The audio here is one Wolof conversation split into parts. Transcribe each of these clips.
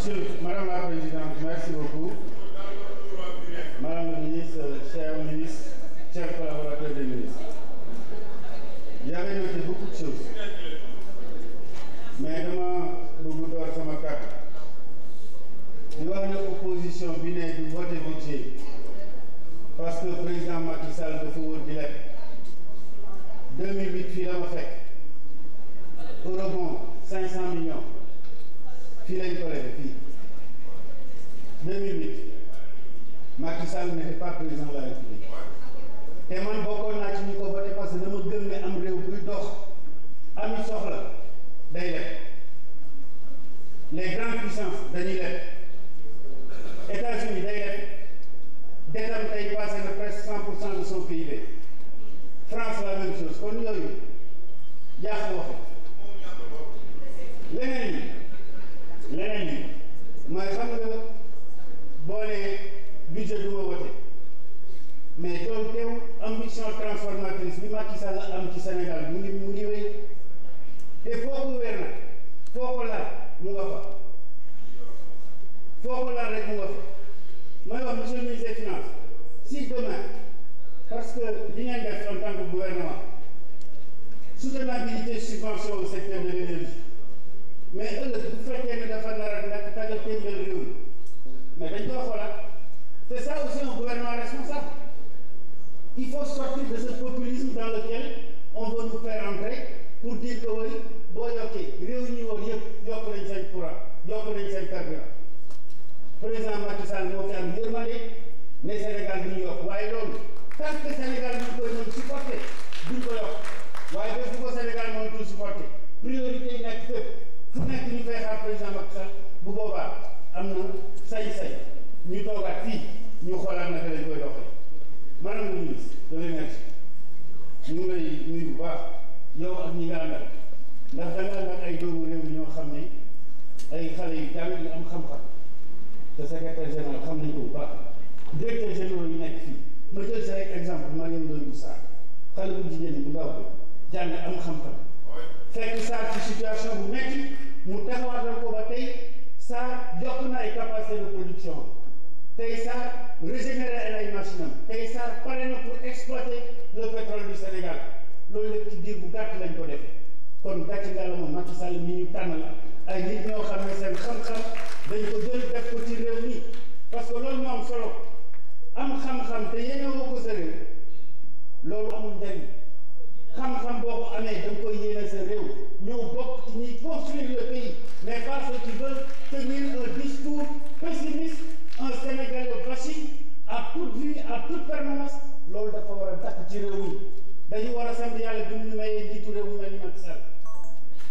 Monsieur, Madame la Présidente, merci beaucoup. Madame la Ministre, chers ministre, chers collaborateurs des ministres, j'avais noté beaucoup de choses. Mais demain, le gouvernement ma carte. y avons une opposition bi du du vote voté parce que le président Macky Sall dafa 2008 en fait. fait. Au eurobond 500 millions. fii lañ ko defee fii 2008 Macky Sall n'était pas la République te man mais donc l'ambition ambition transformatrice Macky Sall am ci Sénégal gouvernement, et Et monsieur le ministre des finances si demain parce que li en tant que gouvernement soutenabilité subvention au secteur de l'énergie mais eux, ne dafa de la bi ko boo yokkee réew yi ñu yokk nañ seen courant yokk nañ seen carburant président Macky Sall moo fi am yërmande ne Sénégal bi yokk waaye loolu tant que Sénégal bi ñu koy mën supporté duñ ko yokk waaye bés bu ko Sénégal mënatul supporté priorité nekk fépp nekk ñu fay xaar président Macky Sall bu boobaa am na sañ-sañ ñu toogaat fii ñu xoolaat naka lañ koy doxee maanaam le ministre de l'énergie ñu ngi nuyu bu yow ak ñi nga àndal ndax da nga ay doomu réew ñoo xam ne ay xale yu jàng la am xam-xam te secrétaire général xam nañ ko bu baax directeur général yu nekk fii ma jël sa rek exemple maa ngeen doon bu saar xale bu jigéen ñi bu ndaw bi am xam-xam fekk saar ci situation bu métti mu taxawaatal ko ba tey saar jox na ay capacité de production tey saar régénéré ay machine am saar pare na kon gàcce ngàlla moom Macky Sall mi ñu tànnal ay nit ñoo xam ne seen xam-xam dañ ko jël def ko ci réew mi parce que loolu moo am solo am xam-xam te yéen a ko sa loolu amul njëriñ xam-xam boo ko amee da nga koy yéene sa réew ñëw bokk ci ñuy construire le pays mais pas ceux qui veulent tenir un discours pessimiste un Sénégalais fasciste à toute vue à toute permanence loolu dafa war a dakk ci réew mi dañu war a sant yàlla bi mu ñu mayee njiitu réew mi mel ni Macky Sall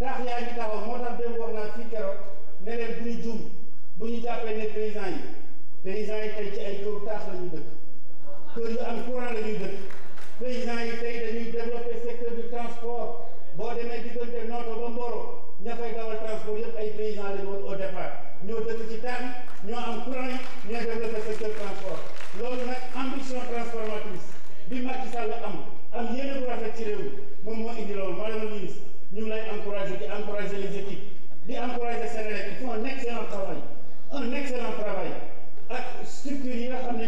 taax yaa ngi taxaw moo tax démb wax naa fii keroog ne leen bu ñu juum bu ñu jàppee ne paysans yi paysans yi tey ci ay kër taax la ñuy dëkk kër yu am courant la dëkk paysans yi tey dañuy développé secteur du transport. un excellent travail ak structures yi nga xam ne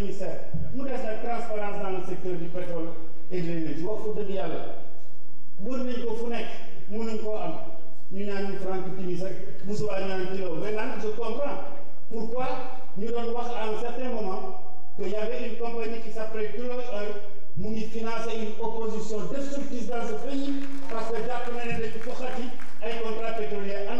ministère Nous avons la transparence dans le secteur du pétrole et de l'énergie wax fa dëgg yàlla wër nous ko fu un mënuñ nous am ñu naan ñu Franck maintenant je comprends pourquoi nous avons wax à un certain moment qu'il y avait une compagnie qui s'appelait Tullow Oil une opposition destructrice dans ce pays parce que nous avons ne dañu foxati ay contrats pétroliers